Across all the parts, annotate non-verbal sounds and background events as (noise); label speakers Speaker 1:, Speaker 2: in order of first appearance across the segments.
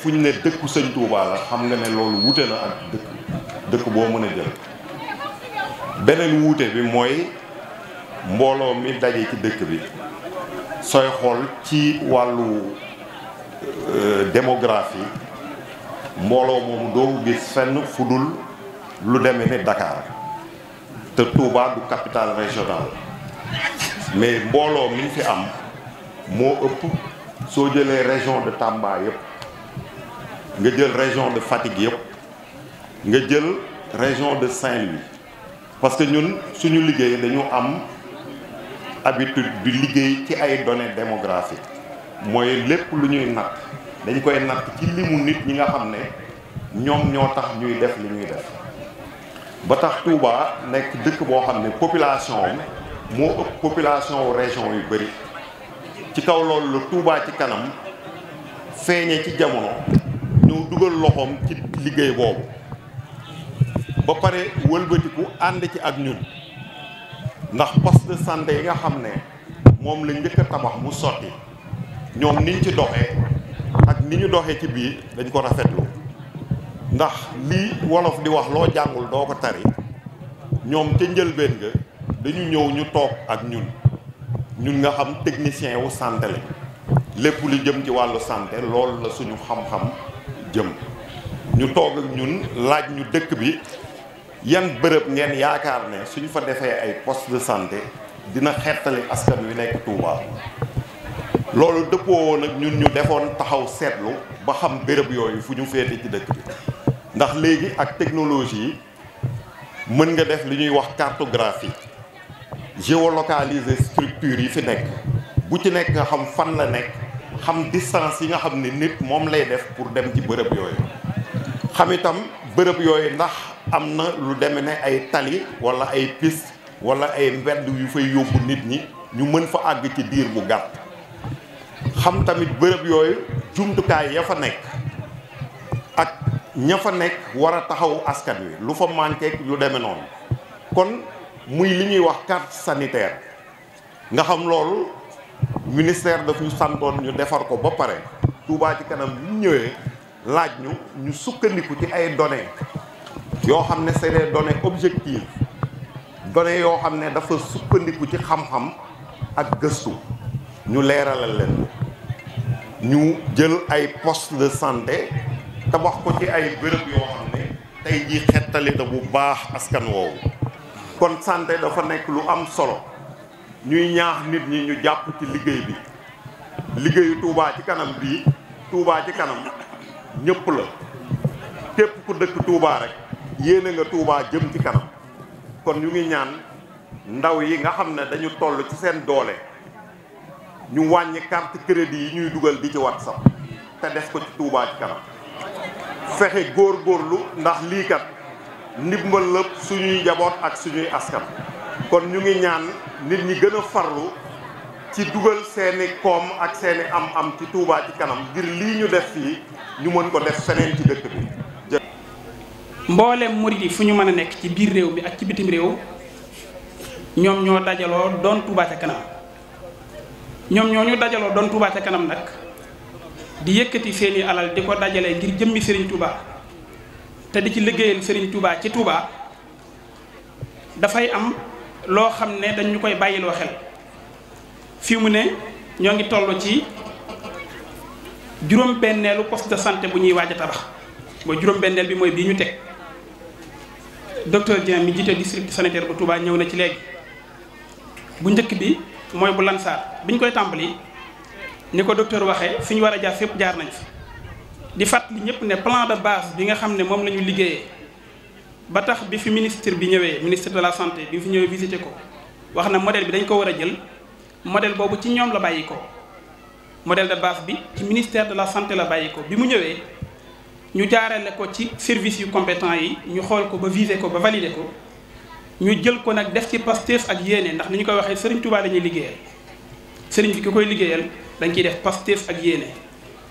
Speaker 1: fu ñu ne dëkku sëñ Touba la xam nga ne loolu wuute na ak dëkk dëkk boo mën a jël beneen wuute bi mooy mbooloo mi daje ci dëkk bi sooy xool ci wàllu euh, démographie mbooloo moomu doo gis fenn fu dul lu demee ni Dakar te Touba du capitale régionale mais mbooloo mi ñu fi am moo ëpp soo jëlee région de Tamba yëpp. nga jël région de Fatick yëpp nga jël région de Saint-Louis parce que ñun suñu liggéey dañu am habitude di liggéey ci ay données démographiques mooy lépp lu ñuy natt dañ koy natt ci limu nit ñi nga xam ne ñoom ñoo tax ñuy def li ñuy def ba tax Touba nekk dëkk boo xam ne population moo ëpp population wu région yu bëri ci kaw loolu lu Touba ci kanam feeñe ci jamono ñëw dugal loxoom ci liggéey boobu ba pare wëlbatiku ànd ci ak ñun ndax poste de santé yi nga xam ne moom la njëkk mu sotti ñoom niñ ci doxee ak ni ñu doxee ci biir dañ ko rafetlu ndax lii wolof di wax loo jàngul doo ko tari ñoom ca njëlbeen nga dañu ñëw ñu toog ak ñun ñun nga xam technicien wu santé la lépp lu jëm ci wàllu santé loolu la suñu xam-xam jëm ñu toog ak ñun laaj ñu dëkk bi yan bërëb ngeen yaakaar ne suñu fa defee ay poste de santé dina xettali askan wi nekk Touba loolu dëppoo woon nag ñun ñu defoon taxaw seetlu ba xam bërëb yooyu fu ñu féete ci dëkk bi ndax léegi ak technologie yi mën nga def li ñuy wax cartographie géolocaliser structure yi fi nekk bu ci nekk nga xam fan la nekk xam distance yi nga xam ne nit moom lay def pour dem ci bërëb yooyu xam itam bërëb yooyu ndax am na lu deme ne ay tali walla ay pis wala ay mbedd yu fay yóbbu nit ñi ñu mën fa àgg ci diir bu gàtt xam tamit bërëb yooyu jumtukaay ya fa nekk ak ña fa nekk war a taxawu askan wi lu fa manqué yu deme noonu kon muy li ñuy wax carte sanitaire nga xam loolu ministère daf ñu santoon ñu defar ko ba pare Touba ci kanam bi ñu ñëwee laaj ñu ñu sukkandiku ci ay données yoo xam ne c'est des données objectives données yoo xam ne dafa sukkandiku ci xam-xam ak gëstu ñu leeralal leen ñu jël ay poste de santé tabax ko ci ay béréb yoo xam ne tey ji xettali bu baax askan woowu kon santé dafa nekk lu am solo ñuy ñaax nit ñi ñu jàpp ci liggéey bi liggéeyu Touba ci kanam bii Touba ci kanam ñëpp la képp ku dëkk Touba rek yéene nga Touba jëm ci kanam kon ñu ngi ñaan ndaw yi nga xam ne dañu toll ci seen doole ñu wàññi carte crédit yi ñuy dugal di ci WhatsApp te def ko ci Touba ci kanam góor góorlu ndax liikat kat ndimbal lépp suñuy njaboot ak suñuy askan kon ñu ngi ñaan nit ñi gën a farlu ci dugal seeni koom ak seeni am-am ci Touba ci kanam ngir lii ñu def fii ñu mën ko def feneen ci dëkk bi.
Speaker 2: mboolem murid yi fu ñu mën a nekk ci biir réew mi ak ci bitim réew ñoom ñoo dajaloo doon Touba ca kanam ñoom ñoo ñu dajaloo doon Touba ca kanam nag di yëkkati seeni alal di ko dajale ngir jëmmi Serigne Touba te di ci liggéeyal Serigne Touba ci Touba dafay am. loo xam ne dañu koy bàyyiloo xel fii mu ne ñoo ngi toll ci juróom-benneelu poste de santé bu ñuy waaj a tabax mooy juróom-benneel bi mooy bii ñu teg docteur Dieng mi jiite district sanitaire bu Touba ñëw na ci léegi bu njëkk bi mooy bu Lansar bi ñu koy tàmbali ni ko docteur waxee fi ñu war a jaar fépp jaar nañ fi di fàttali ñëpp ne plan de base bi nga xam ne moom la ñu liggéeyee. ba tax bi fi ministre bi ñëwee ministre de la santé bi fi ñëwee visité ko wax na modèle bi dañ ko war a jël modèle boobu ci ñoom la bàyyi ko modèle de base bi ci ministère de la santé la bàyyi ko bi mu ñëwee ñu jaarale ko ci service yu compétent yi ñu xool ko ba visé ko ba validé ko ñu jël ko nag def ci Pastef ak yéene ndax ni ñu koy waxee Serigne Touba la ñuy liggéeyal Serigne bi ki koy liggéeyal dañ ciy def Pastef ak yéene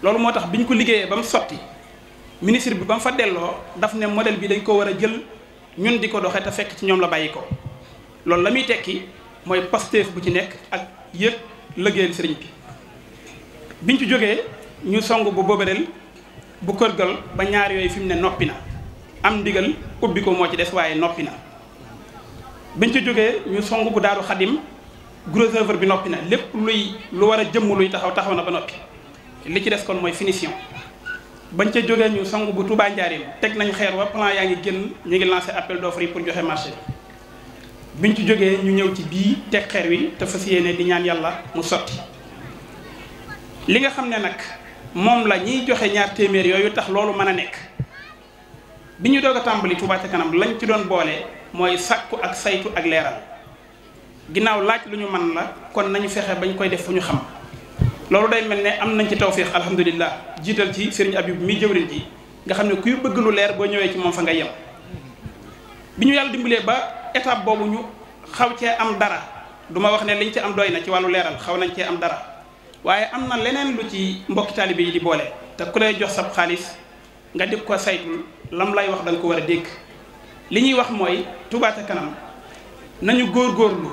Speaker 2: loolu moo tax bi ñu ko liggéeyee ba mu sotti. ministre bi ba mu fa delloo daf ne modèle bi dañ ko war a jël ñun di ko doxee te fekk ci ñoom la bàyyi ko loolu la muy tekki mooy Pastef bu ci nekk ak yëg liggéeyal sëriñ bi biñ ci jógee ñu song bu boobadeel bu kër kërgal ba ñaar yooyu fi mu ne noppi na am ndigal ubbi ko moo ci des waaye noppi na biñ ci jógee ñu song bu daaru xadim gros bi noppi na lépp luy lu war a jëmm luy taxaw taxaw na ba noppi li ci des kon mooy finition bañ ca jógee ñu sangu bu Touba Njaarim teg nañ xeer wa plan yaa ngi génn ñu ngi lancé appel d'offre yi pour joxe marché biñ ci jógee ñu ñëw ci bii teg xeer wi te fas yéene di ñaan yàlla mu sotti li nga xam ne nag moom la ñiy joxe ñaar téeméer yooyu tax loolu mën a nekk bi ñu doog tàmbali Touba ca kanam lañ ci doon boole mooy sàkku ak saytu ak leeral ginnaaw laaj lu ñu mën la kon nañu fexe bañ koy def fu ñu xam loolu day mel ne am nañ ci tawféex alhamdulilah jiital ci sëriñ Abib muy jëwriñ ji nga xam ne kuy bëgg lu leer boo ñëwee ci moom fa nga yem bi ñu yàlla dimbalee ba étape boobu ñu xaw cee am dara duma wax ne liñ ci am doy na ci wàllu leeral xaw nañ cee am dara waaye am na leneen lu ci mbokki taalibe yi di boole te ku lay jox sab xaalis nga di ko saytul lam lay wax da ko war a dégg li ñuy wax mooy Touba ca kanam nañu góor góorgóorlu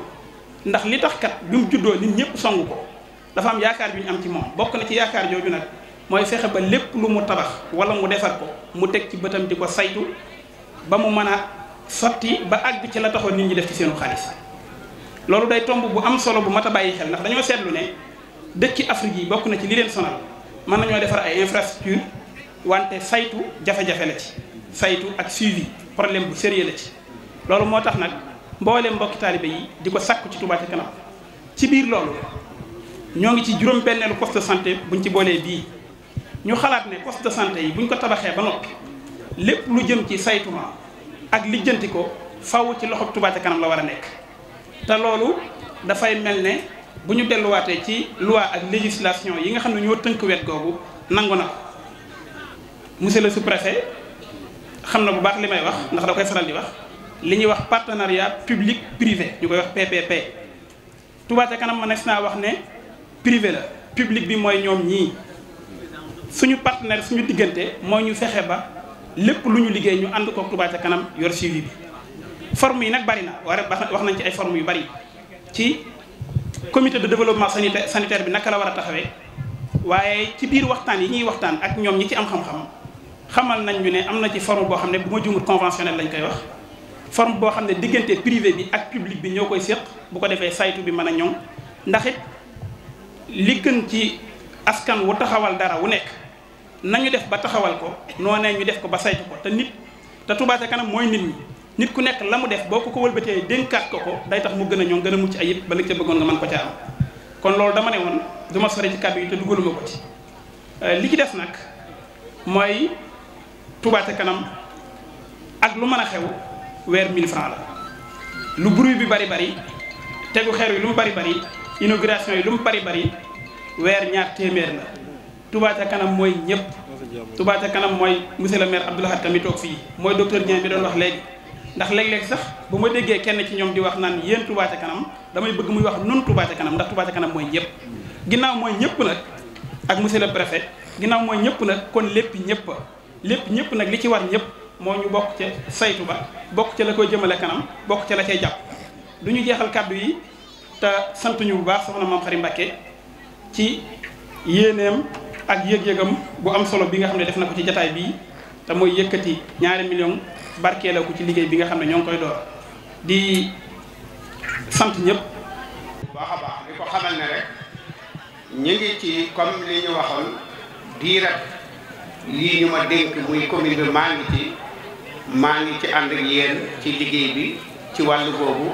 Speaker 2: ndax li tax kat bi juddoo nit ñëpp songu ko dafa am yaakaar ju ñu am ci moom bokk na ci yaakaar jooju nag mooy fexe ba lépp lu mu tabax wala mu defar ko mu teg ci bëtam di ko saytu ba mu mën a sotti ba àgg ci la taxoon nit ñi def ci seenu xaalis loolu day tomb bu am solo bu mat a bàyyi xel ndax dañoo seetlu ne dëkki Afrique yi bokk na ci li leen sonal mën nañoo defar ay infrastructure wante saytu jafe-jafe la ci saytu ak suivi problème bu sérieux la ci loolu moo tax nag mbooleem mbokki taalibe yi di ko sàkku ci Touba ca kanam ci biir loolu ñoo ngi ci juróom-benneelu poste de santé buñ ci boolee bii ñu xalaat ne poste de santé yi buñ ko tabaxee ba noppi lépp lu jëm ci saytuma ak lijjanti ko faw ci loxob Touba kanam la war a nekk te loolu dafay mel ne bu ñu delluwaatee ci loi ak législation yi nga xam ne ñoo tënk wet googu nangu na ko monsieur le sous xam na bu baax li may wax ndax da koy faral di wax li ñuy wax partenariat public privé ñu koy wax PPP Touba kanam ma nekk naa wax ne privé la public bi mooy ñoom ñii suñu partenaire suñu diggante mooy ñu fexe ba lépp lu ñu liggéey ñu ànd koog Touba ca kanam yor suivi bi forme yi nag bari na war wax nañ ci ay forme yu bari ci comité de développement sanitaire sanitaire bi naka la war a taxawee waaye ci biir waxtaan yi ñuy waxtaan ak ñoom ñi ci am xam-xam xamal nañ ñu ne am na ci forme boo xam ne bu ma jumut conventionnel lañ koy wax forme boo xam ne diggante privé bi ak public bi ñoo koy séq bu ko defee saytu bi mën a ñoŋ li gën ci askan wu taxawal dara wu nekk nañu def ba taxawal ko noonee ñu def ko ba saytu ko te nit te Touba ca kanam mooy nit ñi nit ku nekk la mu def boo ko ko wëlbatee dénkaat ko ko day tax mu gën a ñoom gën a mucc ayib ba li ca bëggoon nga mën ko ca am kon loolu dama ne woon du ma sori ci kàddu yi te dugaluma ko ci euh, li ci des nag mooy Touba ca kanam ak lu mën a xew weer 1000 francs la lu bruit bi bari bari tegu xeer yi lu mu bari bari inauguration yi lu mu bari bari weer ñaar téeméer na Touba ca kanam mooy ñëpp Touba ca kanam mooy monsieur le maire Abdou Lahad tamit toog fii mooy docteur Dieng bi doon wax léegi ndax léeg-léeg sax bu ma déggee kenn ci ñoom di wax naan yéen Touba kanam damay bëgg muy wax nun Touba kanam ndax Touba ca kanam mooy ñëpp ginnaaw mooy ñëpp nag ak monsieur le préfet ginnaaw mooy ñëpp nag kon lépp ñëpp lépp ñëpp nag li ci war ñëpp moo ñu bokk ca saytu ba bokk ca la koy jëmale kanam bokk ca la cay jàpp te sant ñu bu baax soxna maam Xari Mbàkke ci yéeneem ak yëg-yëgam bu am solo bi nga xam ne def na ko ci jataay bii te mooy yëkkati ñaari million barkeeloo ko ci liggéey bi nga xam ne ñoo ngi koy door di sant ñëpp.
Speaker 3: bu baax a baax ko xamal ne rek ñu ngi ci comme li ñu waxoon diirat lii ñu ma dénk muy commune bi maa ngi ci maa ngi ci ànd ak ci liggéey bi ci wàll boobu.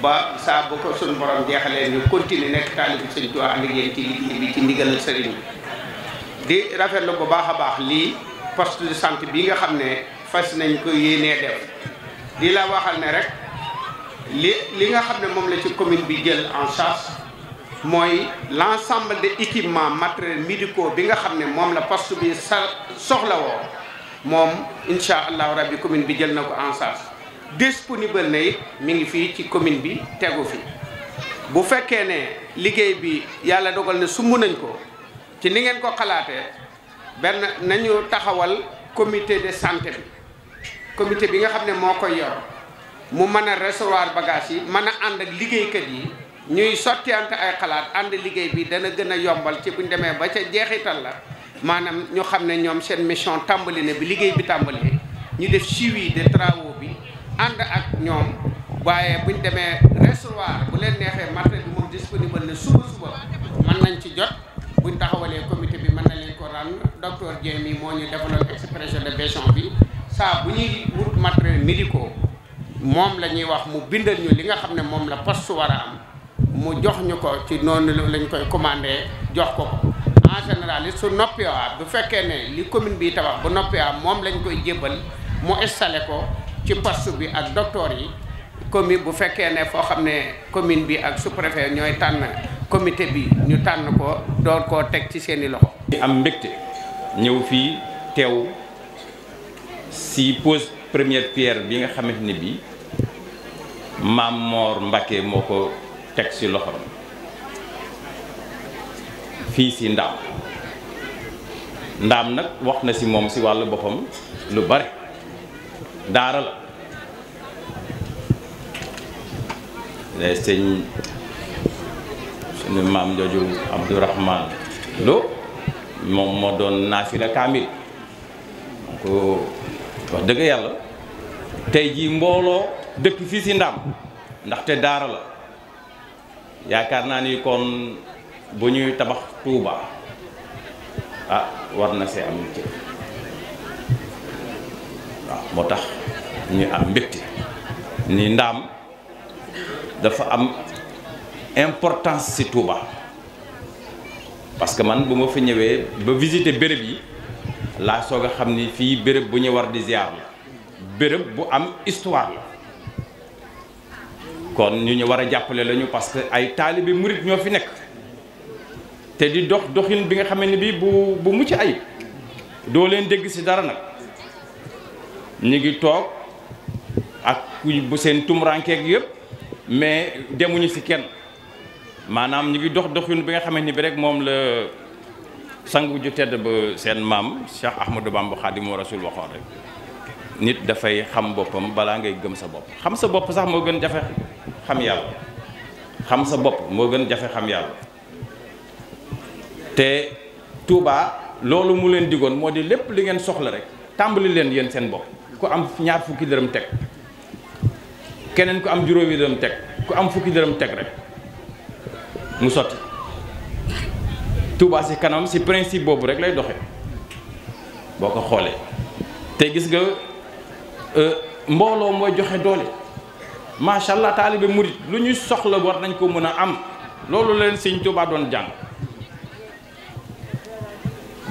Speaker 3: ba saa bu ko suñu borom jeexalee ñu continuer nekk taalibu sëñ Tuubaa ànd ak yéen ci liggéey bi ci ndigalal sëriñ bi di rafetlu bu baax a baax lii poste de santé bi nga xam ne fas nañ ko yéenee def di la waxal ne rek li li nga xam ne moom la ci commune bi jël en charge mooy l'ensemble de équipement matériel médicaux bi nga xam ne moom la poste bi sa soxla woo moom incha allahu rabbi commune bi jël na ko en charge disponible na it mi ngi fii ci commune bi tegu fi bu fekkee ne liggéey bi yàlla dogal na sumb nañ ko ci ni ngeen ko xalaatee benn nañu taxawal comité de santé bi comité bi nga xam ne moo koy yor mu mën a recevoir bagage yi mën a ànd ak liggéeykat yi ñuy sottiyante ay xalaat ànd liggéey bi dana gën a yombal ci buñ demee ba ca jeexital la maanaam ñu xam ne ñoom seen mission tàmbali na bi liggéey bi tàmbali ñu def suivi de travaux bi ànd ak ñoom waaye buñ demee recevoir bu leen neexee matériel bi moom disponible na suba suba mën nañ ci jot buñ taxawalee comité bi mën nañ leen ko rendre docteur Dieng mi moo ñu développé expression de béton bi saa bu ñuy wut matériel médicaux moom la ñuy wax mu bindal ñu li nga xam ne moom la poste war a am mu jox ñu ko ci noonu lañ koy commandé jox ko ko en général su noppi bu fekkee ne li commune bi tabax bu noppi waa moom lañ koy jébbal mu installé ko. ci poste bi ak docteur yi commune bu fekkee ne foo xam ne commune bi ak sous-préfet ñooy tànn comité bi ñu tànn ko door koo teg ci seeni loxo.
Speaker 4: am mbégte ñëw fii teew si pose première pierre bi nga xamante ne bii maam Mor Mbacke moo ko teg si loxo fii si ndaam ndaam nag wax na si moom si wàllu boppam lu bari. daara la day sëñ suñu maam jooju Abdourahman Lo moom moo doon naafila kaamil donc wax dëgg yàlla tey jii mbooloo dëkk fii si Ndaam ndaxte daara la yaakaar naa ni kon bu ñuy tabax Tuuba ah war na see am ci moo tax ñu am mbégte ni ndaam dafa am importance ci Touba parce que man bu ma fi ñëwee ba visiter béréb yi laa soog a xam ni fii béréb bu ñu war di ziar la béréb bu am histoire la kon ñu ñu war a jàppale lañu parce que ay taalibe murit ñoo fi nekk te di dox doxin bi nga xam ne bi bu bu ci ayib doo leen dégg si dara nag ñu ngi toog ak bu seen tumrankeeg yëpp mais demuñu si kenn maanaam ñu ngi dox doxin bi nga xamante ni bi rek moom la sangu ju tedd ba seen maam Cheikh Ahmadou Bamba Xaadimu Rasul waxoon rek nit dafay xam boppam balaa ngay gëm sa bopp xam sa bopp sax moo gën jafe xam yàlla xam sa bopp moo gën jafe xam yàlla te Touba loolu mu leen digoon moo di lépp li ngeen soxla rek tàmbali leen yéen seen bopp ku am ñaar fukki dërëm teg keneen ku am juróomi dërëm teg ku am fukki dërëm teg rek mu sotti Touba si kanam si principe boobu rek lay doxe boo ko xoolee te gis nga euh, mbooloo mooy joxe doole macha allah taalibe murit lu ñuy soxla war nañ ko mën a am loolu leen sëñ Touba doon jàng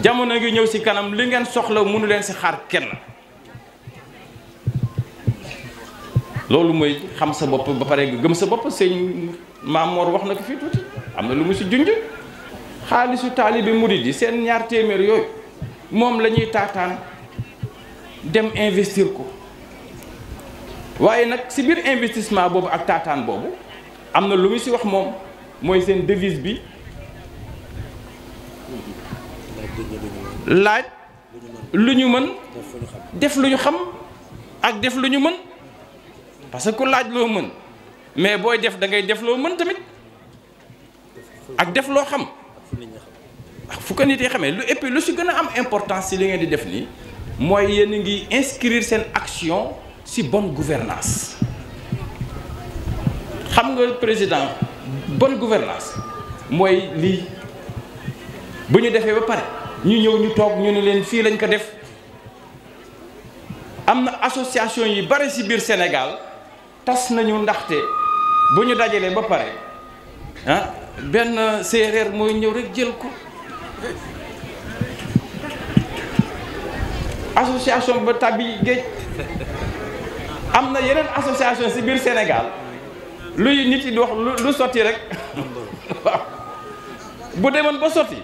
Speaker 4: jamono ngi ñëw si kanam li ngeen soxla munu leen si xaar kenn loolu mooy xam sa bopp ba pare gëm sa bopp sëñ Maamoor wax na ko fii tuuti am na lu mu si junj xaalisu taalibe murid yi seen ñaar téeméer yooyu moom lañuy taataan dem investir ko waaye nag si biir investissement boobu ak taataan boobu am na lu mu si wax moom mooy seen devise bi laaj lu ñu mën def lu ñu xam ak def lu ñu mën parce que ku laaj loo mën mais booy def da ngay def loo mën tamit ak def loo xam ak fu ko nit yi xamee lu ëpp lu si gën a am importance si li ngeen di def nii mooy yéen a ngi inscrire seen action si bonne gouvernance xam nga président bonne gouvernance mooy lii bu ñu defee ba pare ñu ñëw ñu toog ñu ne leen fii lañ ko def am na association yi bari si biir Sénégal tas nañu ndaxte bu ñu dajalee ba pare ah, benn séeréer mooy ñëw rek jël ko association ba tàbbi géej am na yeneen association ci biir Sénégal luy nit yi di wax lu sotti rek waaw (laughs) bu demoon ba sotti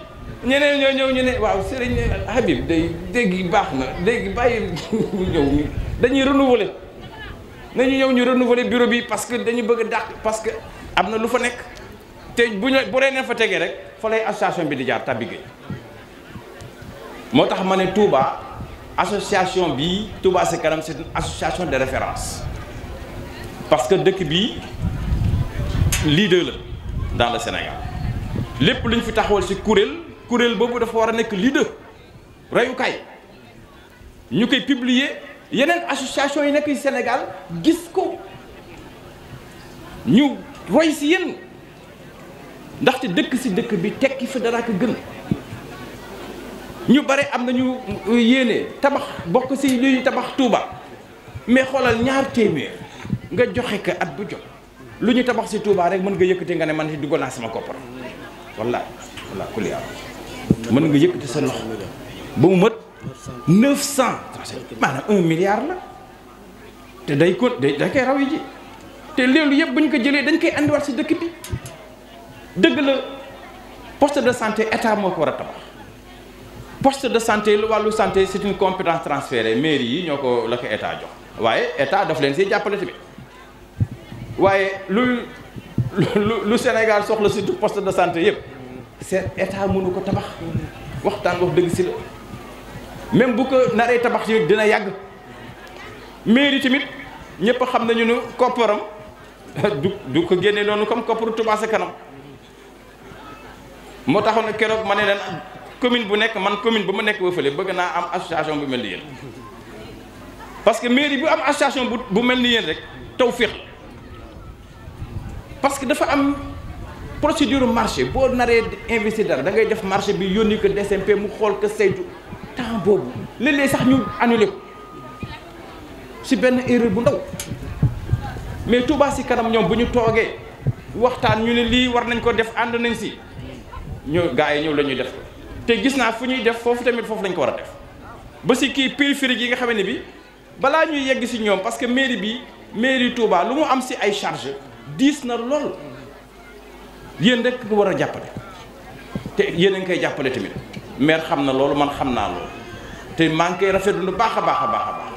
Speaker 4: ñeneen ñoo ñëw ñu ne waaw Serigne Habib day dégg baax na dégg bàyyi mu (laughs) ñëw dañuy renouveler. nañu ñëw ñu renouveler bureau bi parce que dañu bëgg a dàq parce que am na lu fa nekk te bu ñu bu reneen fa tegee rek fa lay association bi di jaar tabigé moo tax ma ne Touba association bi Touba ca kanam c'est association de référence parce que dëkk bi leader la dans le Sénégal lépp lu ñu fi taxawal si kuréel kuréel boobu dafa war a nekk leader reyukaay ñu koy publier. yeneen association yi nekk ci Sénégal gis ko ñu roy si yéen ndaxte dëkk si dëkk bi tekki fi dara ko gën ñu bare am nañu yéene tabax bokk ci luy tabax Touba mais xoolal ñaar téeméer nga joxe ko at bu jot lu ñu tabax ci Touba rek mën nga yëkkati nga ne man dugal naa sama koppar wallaay wallaay ku li mën nga yëkkati sa loxo ba mu mët compensé maanaam un milliard la te day ko day da koy raw yi ji te loolu yëpp bu ñu ko jëlee dañ koy andiwaat si dëkk bi dëgg la poste de santé état moo ko war a tabax poste de santé lu wàllu santé c'est une compétence transférée mairie yi ñoo ko la ko état jox waaye état daf leen siy jàppale tamit waaye lu lu lu Sénégal soxla surtout poste de santé yëpp c'est état munu ko tabax waxtaan wax dëgg si la même bu ko naree tabax tamit dina yàgg mairie tamit ñëpp xam nañu ne kopparam (laughs) du du ko génne noonu comme kopparu Touba kanam moo taxoon ne keroog ma ne leen commune bu nekk man commune ba ma nekk ba bëgg naa am association bu mel ni yéen parce que mairie bu am association bu bu mel ni yéen rek taw féex la parce que dafa am procédure marché boo naree investir dara da ngay def marché bi yónni ko DCMP mu xool ko saytu. temps boobu léeg sax ñu annulé si benn erreur bu ndaw mais Touba si kanam ñoom bu ñu toogee waxtaan ñu ne lii war nañ ko def ànd nañ si ñoo gars yi ñëw la ñuy def ko te gis naa fu ñuy def foofu tamit foofu lañ ko war a def ba si kii périphérique yi nga xam ne bi balaa ñuy yegg si ñoom parce que mairie bi mairie Touba lu mu am si ay charge diis na lool yéen rek lu war a jàppale te yéen a koy jàppale tamit maire xam na loolu man xam naa loolu te maa ngi koy rafetlu nu baax a baax a baax